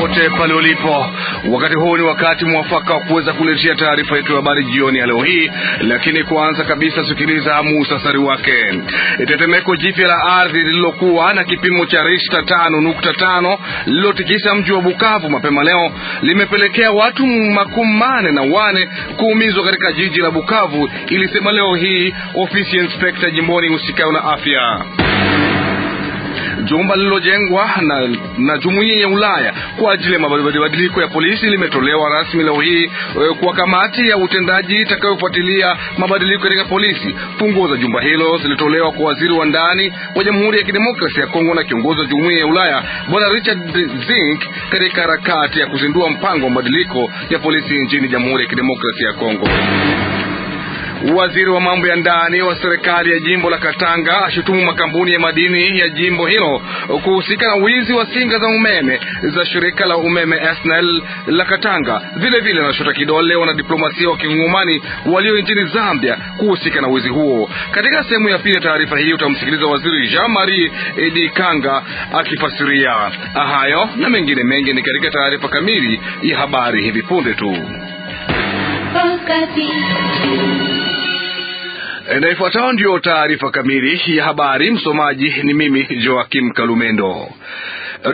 popote pale ulipo, wakati huu ni wakati mwafaka wa kuweza kuletea taarifa yetu ya habari jioni ya leo hii. Lakini kwanza kabisa, sikiliza muhtasari wake. Tetemeko jipya la ardhi lililokuwa na kipimo cha rishta tano nukta tano lililotikisa mji wa Bukavu mapema leo limepelekea watu makumi mane na wane kuumizwa katika jiji la Bukavu, ilisema leo hii ofisi ya inspekta jimboni husikayo na afya jumba lililojengwa na, na jumuiya ya Ulaya kwa ajili ya mabadiliko ya polisi limetolewa rasmi leo hii e, kwa kamati ya utendaji itakayofuatilia mabadiliko katika polisi. Funguo za jumba hilo zilitolewa kwa waziri wa ndani wa Jamhuri ya Kidemokrasia ya Kongo na kiongozi wa jumuiya ya Ulaya Bwana Richard Zink katika harakati ya kuzindua mpango wa mabadiliko ya polisi nchini Jamhuri ya Kidemokrasia ya Kongo. Waziri wa mambo ya ndani wa serikali ya jimbo la Katanga ashutumu makampuni ya madini ya jimbo hilo kuhusika na wizi wa singa za umeme za shirika la umeme SNEL la Katanga. Vilevile anashota kidole wanadiplomasia wa kiungumani walio nchini Zambia kuhusika na wizi huo. Katika sehemu ya pili ya taarifa hii utamsikiliza waziri Jean Marie Edi Kanga akifasiria hayo na mengine mengi. Ni katika taarifa kamili ya habari hivi punde tu. Eh, na ifuatayo ndiyo taarifa kamili ya habari. Msomaji ni mimi Joakim Kalumendo.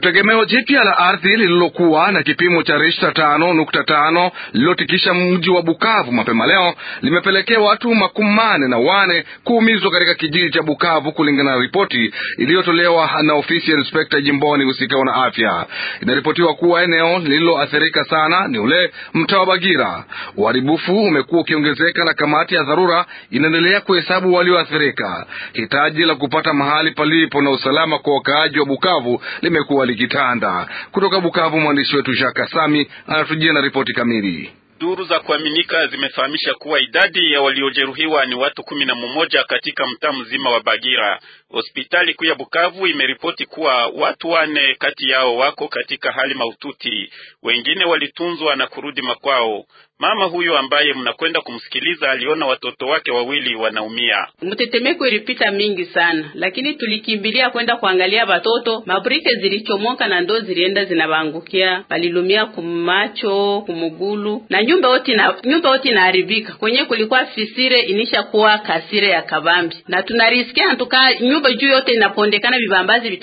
Tegemeo jipya la ardhi lililokuwa na kipimo cha rishta tano nukta tano lililotikisha mji wa Bukavu mapema leo limepelekea watu makumi mane na wane kuumizwa katika kijiji cha Bukavu, kulingana na ripoti iliyotolewa na ofisi ya inspekta jimboni husika na afya. Inaripotiwa kuwa eneo lililoathirika sana ni ule mtaa wa Bagira. Uharibifu umekuwa ukiongezeka na kamati ya dharura inaendelea kuhesabu walioathirika. Hitaji la kupata mahali palipo na usalama kwa wakaaji wa Bukavu limekuwa kuwa likitanda. Kutoka Bukavu, mwandishi wetu Jaka Sami anatujia na ripoti kamili. Duru za kuaminika zimefahamisha kuwa idadi ya waliojeruhiwa ni watu kumi na mmoja katika mtaa mzima wa Bagira. Hospitali kuu ya Bukavu imeripoti kuwa watu wane kati yao wako katika hali mahututi, wengine walitunzwa na kurudi makwao. Mama huyo ambaye mnakwenda kumsikiliza aliona watoto wake wawili wanaumia. Mtetemeko ilipita mingi sana, lakini tulikimbilia kwenda kuangalia watoto. Mabrike zilichomoka na ndoo zilienda zinabangukia, walilumia kumacho, kumugulu na nyumba yote na nyumba yote inaharibika. Kwenye kulikuwa fisire inisha kuwa kasire ya kabambi na tunarisikia antuka nyumba sababu juu yote inapondekana vibambazi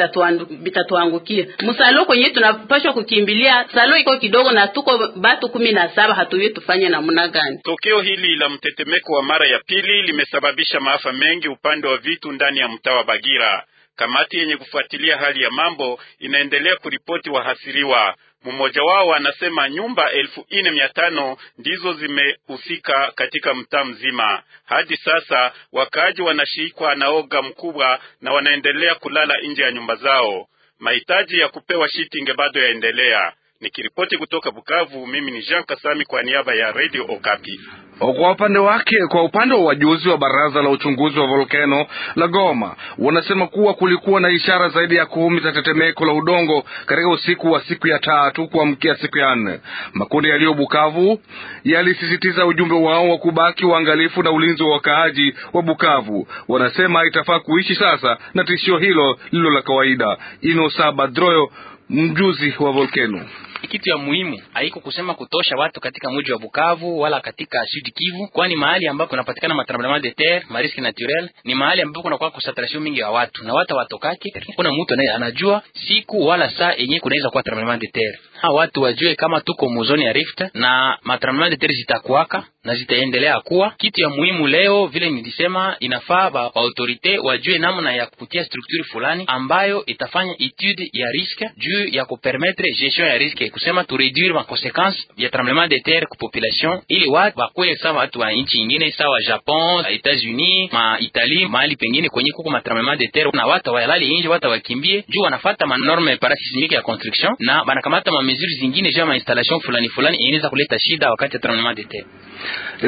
vitatuangukia. Msalo kwenye tunapashwa kukimbilia, salo iko kidogo na tuko batu kumi na saba, hatuye tufanye namna gani? Tokeo hili la mtetemeko wa mara ya pili limesababisha maafa mengi upande wa vitu ndani ya mtaa wa Bagira. Kamati yenye kufuatilia hali ya mambo inaendelea kuripoti wahasiriwa. Mmoja wao anasema nyumba elfu ine mia tano ndizo zimehusika katika mtaa mzima. Hadi sasa wakaaji wanashikwa na oga mkubwa na wanaendelea kulala nje ya nyumba zao. Mahitaji ya kupewa shitinge bado yaendelea. Nikiripoti kutoka Bukavu, mimi ni Jean Kasami kwa niaba ya Radio Okapi. Kwa upande wake, kwa upande wa wajuzi wa baraza la uchunguzi wa volkeno la Goma wanasema kuwa kulikuwa na ishara zaidi ya kumi za tetemeko la udongo katika usiku wa siku ya tatu kuamkia siku ya nne. Makundi yaliyo Bukavu yalisisitiza ujumbe wao wa kubaki waangalifu na ulinzi wa wakaaji wa Bukavu. Wanasema itafaa kuishi sasa na tishio hilo lilo la kawaida. Inosa Badroyo, mjuzi wa volkeno kitu ya muhimu haiko kusema kutosha watu katika mji wa Bukavu wala katika Sud Kivu, kwani mahali ambapo kunapatikana matremblement de terre marisque naturel ni mahali ambapo kunakuwa concentration mingi ya watu na watu watokake, kuna mtu anajua siku wala saa yenyewe kunaweza kuwa tremblement de terre watu wajue kama tuko muzoni ya Rift na matremblement de terre zitakuwaka na zitaendelea kuwa kitu ya muhimu. Leo vile nilisema, inafaa ba autorite wajue namna ya kupitia structure fulani ambayo itafanya etude ya risque juu ya kupermetre gestion ya risque, kusema tu reduire ma consequence ya tremblement de terre ku population, ili watu bakwele sawa watu wa nchi ingine sawa Japon, Etats-Unis, ma Italie, mahali pengine kwenye kuko ma tremblement de terre, na watu walali inje, watu wakimbie juu wanafata ma norme parasismique ya construction na banakamata ma mesure zingine jama installation fulani fulani inaweza kuleta shida wakati ya tremblement de terre.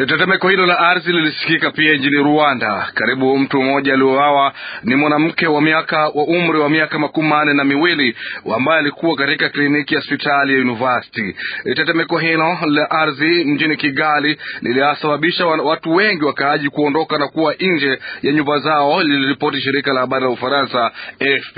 Tetemeko hilo la ardhi lilisikika pia nchini Rwanda. Karibu mtu mmoja aliowawa ni mwanamke wa miaka wa umri wa miaka makumi manne na miwili ambaye alikuwa katika kliniki ya hospitali ya university. E, tetemeko hilo la ardhi mjini Kigali liliwasababisha watu wengi wakaaji kuondoka na kuwa nje ya nyumba zao, liliripoti shirika la habari la Ufaransa AFP.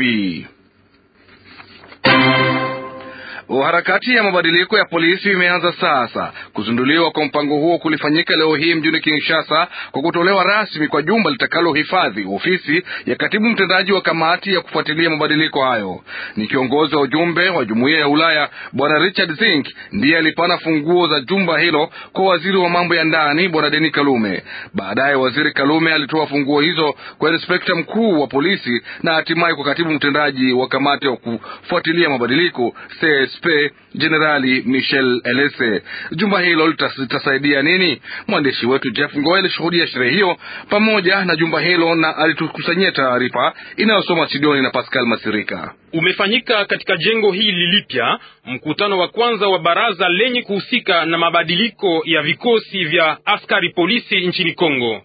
Harakati ya mabadiliko ya polisi imeanza sasa. Kuzinduliwa kwa mpango huo kulifanyika leo hii mjini Kinshasa kwa kutolewa rasmi kwa jumba litakalohifadhi ofisi ya katibu mtendaji wa kamati ya kufuatilia mabadiliko hayo. Ni kiongozi wa ujumbe wa jumuiya ya Ulaya Bwana Richard Zink ndiye alipana funguo za jumba hilo kwa waziri wa mambo ya ndani Bwana Denis Kalume. Baadaye waziri Kalume alitoa funguo hizo kwa inspekta mkuu wa polisi na hatimaye kwa katibu mtendaji wa kamati ya kufuatilia mabadiliko CS Spe Jenerali Michel Elese. Jumba hilo litasaidia nini? Mwandishi wetu Jeff Ngoe alishuhudia sherehe hiyo pamoja na jumba hilo na alitukusanyia taarifa inayosoma Sidoni na Pascal Masirika. Umefanyika katika jengo hili lipya mkutano wa kwanza wa baraza lenye kuhusika na mabadiliko ya vikosi vya askari polisi nchini Kongo.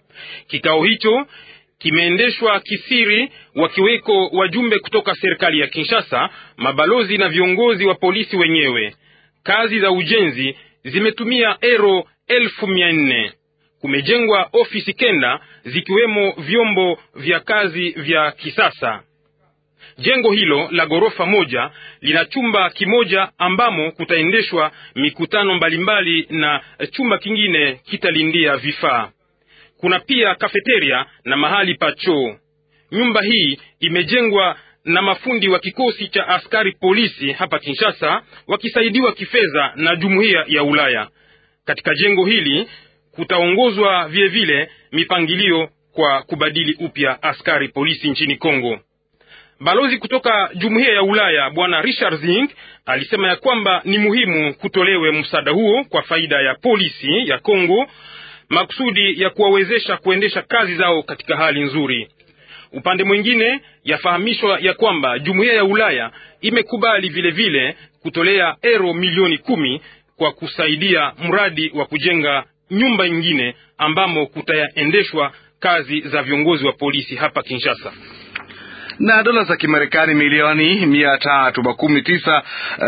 Kikao hicho kimeendeshwa kisiri, wakiweko wajumbe kutoka serikali ya Kinshasa, mabalozi na viongozi wa polisi wenyewe. Kazi za ujenzi zimetumia ero elfu mia nne. Kumejengwa ofisi kenda zikiwemo vyombo vya kazi vya kisasa. Jengo hilo la ghorofa moja lina chumba kimoja ambamo kutaendeshwa mikutano mbalimbali na chumba kingine kitalindia vifaa. Kuna pia kafeteria na mahali pa choo. Nyumba hii imejengwa na mafundi wa kikosi cha askari polisi hapa Kinshasa wakisaidiwa kifedha na jumuiya ya Ulaya. Katika jengo hili kutaongozwa vilevile mipangilio kwa kubadili upya askari polisi nchini Kongo. Balozi kutoka jumuiya ya Ulaya bwana Richard Zing alisema ya kwamba ni muhimu kutolewe msaada huo kwa faida ya polisi ya Kongo makusudi ya kuwawezesha kuendesha kazi zao katika hali nzuri. Upande mwingine, yafahamishwa ya kwamba jumuiya ya Ulaya imekubali vilevile vile kutolea ero milioni kumi kwa kusaidia mradi wa kujenga nyumba nyingine ambamo kutaendeshwa kazi za viongozi wa polisi hapa Kinshasa na dola za Kimarekani milioni mia tatu makumi tisa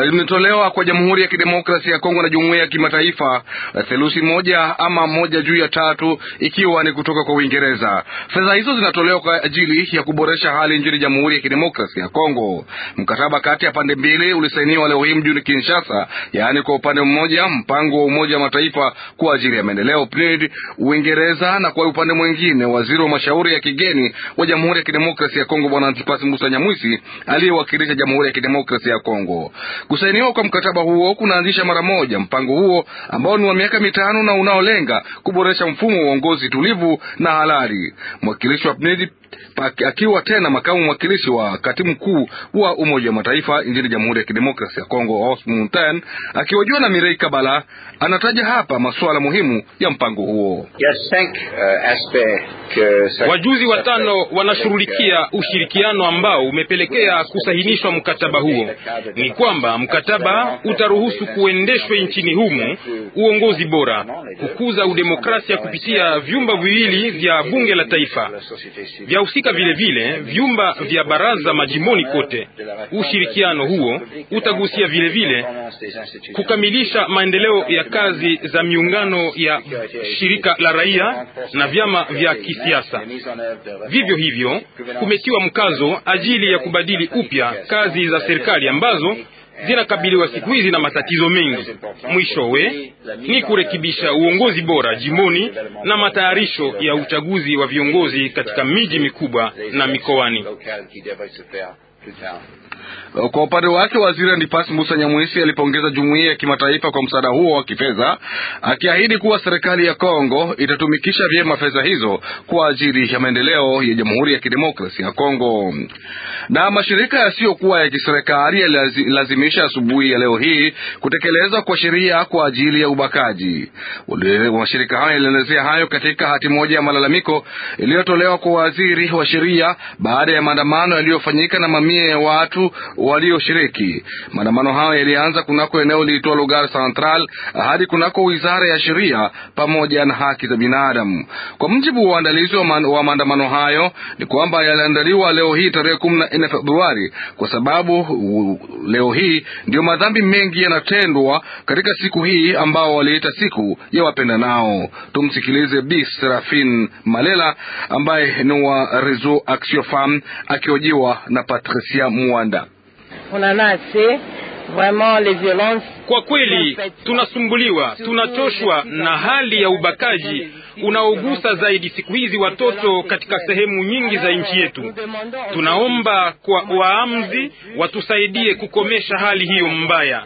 limetolewa eh, kwa Jamhuri ya Kidemokrasia ya Kongo na jumuiya ya kimataifa, eh, theluthi moja ama moja juu ya tatu ikiwa ni kutoka kwa Uingereza. Fedha hizo zinatolewa kwa ajili ya kuboresha hali nchini Jamhuri ya Kidemokrasia ya Kongo. Mkataba kati ya pande mbili ulisainiwa leo hii mjini Kinshasa, yaani kwa upande mmoja mpango wa Umoja wa Mataifa kwa ajili ya maendeleo PNUD Uingereza, na kwa upande mwingine waziri wa mashauri ya kigeni wa Jamhuri ya Kidemokrasia ya Kongo Bwana Antipas Musa Nyamwisi aliyewakilisha Jamhuri ya Kidemokrasia ya Kongo. Kusainiwa kwa mkataba huo kunaanzisha mara moja mpango huo ambao ni wa miaka mitano na unaolenga kuboresha mfumo wa uongozi tulivu na halali. Mwakilishi wa PNID akiwa tena makamu mwakilishi wa katibu mkuu wa Umoja wa Mataifa nchini Jamhuri ya Kidemokrasia ya Kongo, Osmunten akiwajua na Mirei Kabala anataja hapa masuala muhimu ya mpango huo. Uh, uh, Wajuzi watano uh, wanashughulikia ushirikiano ambao umepelekea kusahinishwa mkataba huo. Ni kwamba mkataba utaruhusu kuendeshwa nchini humu uongozi bora, kukuza udemokrasia kupitia vyumba viwili vya bunge la taifa vya katika vile vile vyumba vya baraza majimboni kote. Ushirikiano huo utagusia vile vile kukamilisha maendeleo ya kazi za miungano ya shirika la raia na vyama vya kisiasa. Vivyo hivyo, kumetiwa mkazo ajili ya kubadili upya kazi za serikali ambazo zinakabiliwa siku hizi na matatizo mengi. Mwishowe ni kurekebisha uongozi bora jimboni na matayarisho ya uchaguzi wa viongozi katika miji mikubwa na mikoani. Kwa upande wake waziri Andipasi Musa Nyamwisi alipongeza jumuiya ya kimataifa kwa msaada huo wa kifedha, akiahidi kuwa serikali ya Kongo itatumikisha vyema fedha hizo kwa ajili ya maendeleo ya Jamhuri ya Kidemokrasia ya Kongo. Na mashirika yasiyokuwa ya kiserikali yalilazimisha asubuhi ya leo hii kutekelezwa kwa sheria kwa ajili ya ubakaji. Mashirika hayo yalielezea hayo katika hati moja ya malalamiko iliyotolewa kwa waziri wa sheria baada ya maandamano yaliyofanyika na mamia mamia ya watu walioshiriki maandamano. Hayo yalianza kunako eneo liitwa Lugar Central hadi kunako wizara ya sheria pamoja na haki za binadamu. Kwa mjibu wa uandalizi wa maandamano hayo ni kwamba yaliandaliwa leo hii tarehe kumi na nne Februari kwa sababu leo hii ndio madhambi mengi yanatendwa katika siku hii ambao waliita siku ya wapenda nao. Tumsikilize Bi Serafin Malela ambaye ni wa Reseau Action Femme na Patrice Sofia Muwanda. Kwa kweli tunasumbuliwa, tunachoshwa na hali ya ubakaji unaogusa zaidi siku hizi watoto katika sehemu nyingi za nchi yetu. Tunaomba kwa waamuzi watusaidie kukomesha hali hiyo mbaya.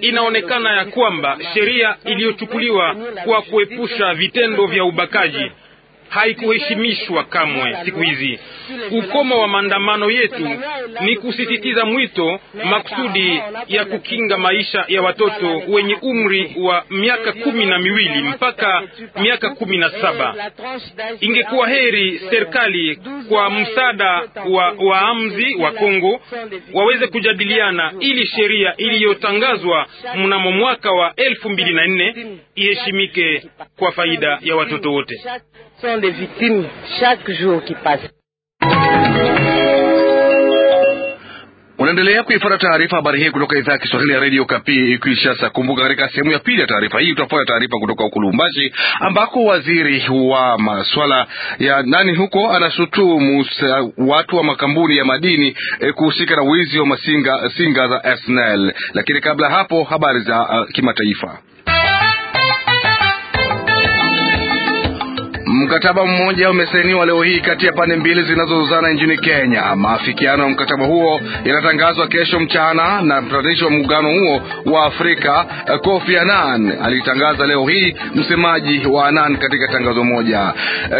Inaonekana ya kwamba sheria iliyochukuliwa kwa kuepusha vitendo vya ubakaji haikuheshimishwa kamwe siku hizi. Ukomo wa maandamano yetu ni kusisitiza mwito makusudi ya kukinga maisha ya watoto wenye umri wa miaka kumi na miwili mpaka miaka kumi na saba. Ingekuwa heri serikali kwa msaada wa waamzi wa Kongo waweze kujadiliana ili sheria iliyotangazwa mnamo mwaka wa elfu mbili na nne iheshimike kwa faida ya watoto wote les victimes chaque jour qui passe. Unaendelea kuifuata taarifa habari hii kutoka idhaa ya Kiswahili ya redio Kapi Kinshasa. Kumbuka, katika sehemu ya pili ya taarifa hii utafuata taarifa kutoka ukulumbashi Lubumbashi, ambako waziri wa maswala ya nani huko anashutumu watu wa makampuni ya madini eh, kuhusika na wizi wa masinga singa za SNL. Lakini kabla hapo habari za uh, kimataifa Mkataba mmoja umesainiwa leo hii kati ya pande mbili zinazozozana nchini Kenya. Maafikiano ya mkataba huo yanatangazwa kesho mchana, na mpatanishi wa muungano huo wa Afrika Kofi Annan alitangaza leo hii, msemaji wa Annan katika tangazo moja.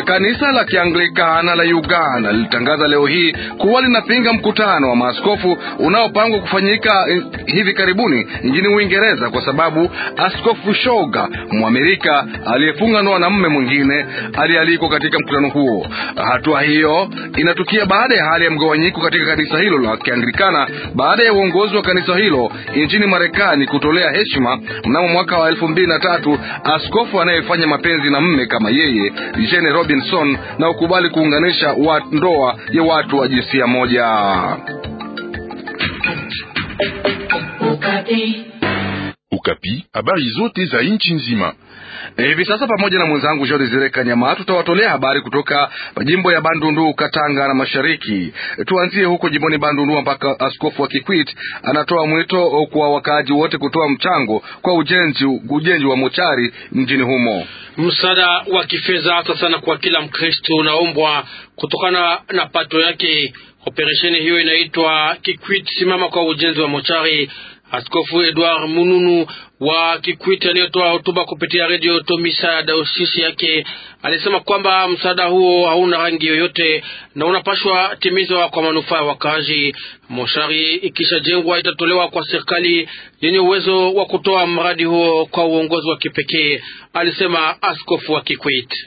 Kanisa la Kianglikana la Uganda lilitangaza leo hii kuwa linapinga mkutano wa maaskofu unaopangwa kufanyika eh, hivi karibuni nchini Uingereza kwa sababu Askofu Shoga Mwamerika aliyefunga ndoa na mume mwingine hadi aliko katika mkutano huo. Hatua hiyo inatukia baada ya hali ya mgawanyiko katika kanisa hilo la Kianglikana baada ya uongozi wa kanisa hilo nchini Marekani kutolea heshima mnamo mwaka wa elfu mbili na tatu askofu anayefanya mapenzi na mme kama yeye Jane Robinson na ukubali kuunganisha wa ndoa ya watu wa jinsia moja. Okapi habari zote za nchi nzima. Hivi sasa pamoja na mwenzangu Jean Desire Kanyama tutawatolea habari kutoka majimbo ya Bandundu, Katanga na Mashariki. Tuanzie huko jimboni Bandundu mpaka askofu wa Kikwit anatoa mwito kwa wakaaji wote kutoa mchango kwa ujenzi, ujenzi wa mochari mjini humo. Msaada wa kifedha hasa sana kwa kila Mkristo unaombwa kutokana na pato yake. Operesheni hiyo inaitwa Kikwit, simama kwa ujenzi wa mochari Askofu Edward Mununu wa Kikwiti aliyetoa hotuba kupitia redio Tomisa ya daosisi yake alisema kwamba msaada huo hauna rangi yoyote na unapashwa timizwa kwa manufaa ya wakazi. Moshari ikishajengwa itatolewa kwa serikali yenye uwezo wa kutoa mradi huo kwa uongozi wa kipekee, alisema askofu wa Kikwiti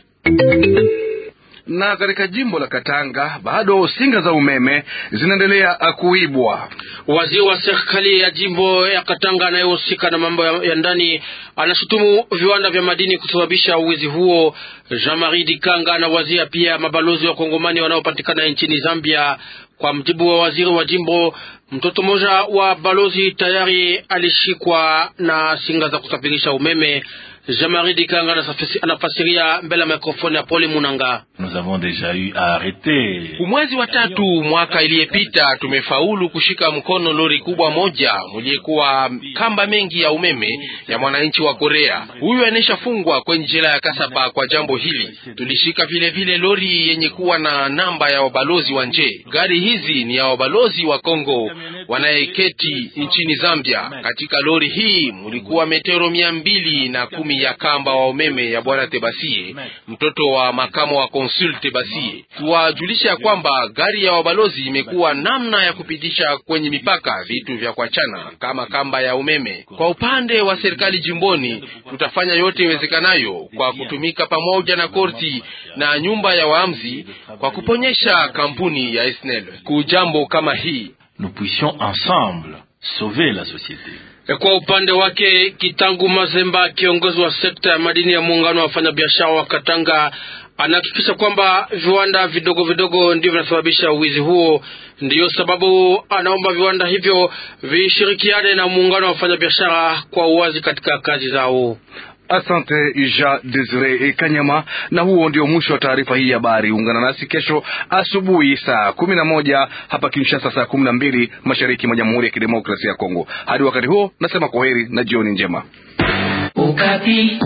na katika jimbo la Katanga bado singa za umeme zinaendelea kuibwa. Waziri wa serikali ya jimbo ya Katanga anayehusika na mambo ya, ya ndani anashutumu viwanda vya madini kusababisha uwizi huo. Jean-Marie Dikanga anawazia pia mabalozi wa Kongomani wanaopatikana nchini Zambia. Kwa mjibu wa waziri wa jimbo, mtoto mmoja wa balozi tayari alishikwa na singa za kusafirisha umeme Jamaridi Kanga anafasiria mbele ya mikrofoni ya Poli Munanga. Mwezi wa tatu mwaka iliyepita tumefaulu kushika mkono lori kubwa moja muliyekuwa kamba mengi ya umeme ya mwananchi wa Korea. Huyu fungwa kwenye jela ya Kasaba kwa jambo hili. Tulishika vile vile lori yenye kuwa na namba ya wabalozi wa nje. Gari hizi ni ya wabalozi wa Kongo wanayeketi nchini Zambia. Katika lori hii mulikuwa metero mia mbili na kumi ya kamba wa umeme ya bwana Tebasie, mtoto wa makamo wa konsul Tebasie, kuwajulisha ya kwamba gari ya wabalozi imekuwa namna ya kupitisha kwenye mipaka vitu vya kuachana kama kamba ya umeme. Kwa upande wa serikali jimboni, tutafanya yote iwezekanayo kwa kutumika pamoja na korti na nyumba ya waamzi kwa kuponyesha kampuni ya Esnel kujambo kama hii nous puissions ensemble sauver la société. E kwa upande wake Kitangu Mazemba, kiongozi wa sekta ya madini ya muungano wa wafanyabiashara wa Katanga, anahakikisha kwamba viwanda vidogo vidogo ndio vinasababisha uwizi huo. Ndiyo sababu anaomba viwanda hivyo vishirikiane na muungano wa wafanyabiashara kwa uwazi katika kazi zao. Asante Ija Desire Kanyama, na huo ndio mwisho wa taarifa hii ya habari. Ungana nasi kesho asubuhi saa kumi na moja hapa Kinshasa, saa kumi na mbili mashariki mwa Jamhuri ya Kidemokrasia ya Kongo. Hadi wakati huo, nasema kwa heri na jioni njema. Ukati.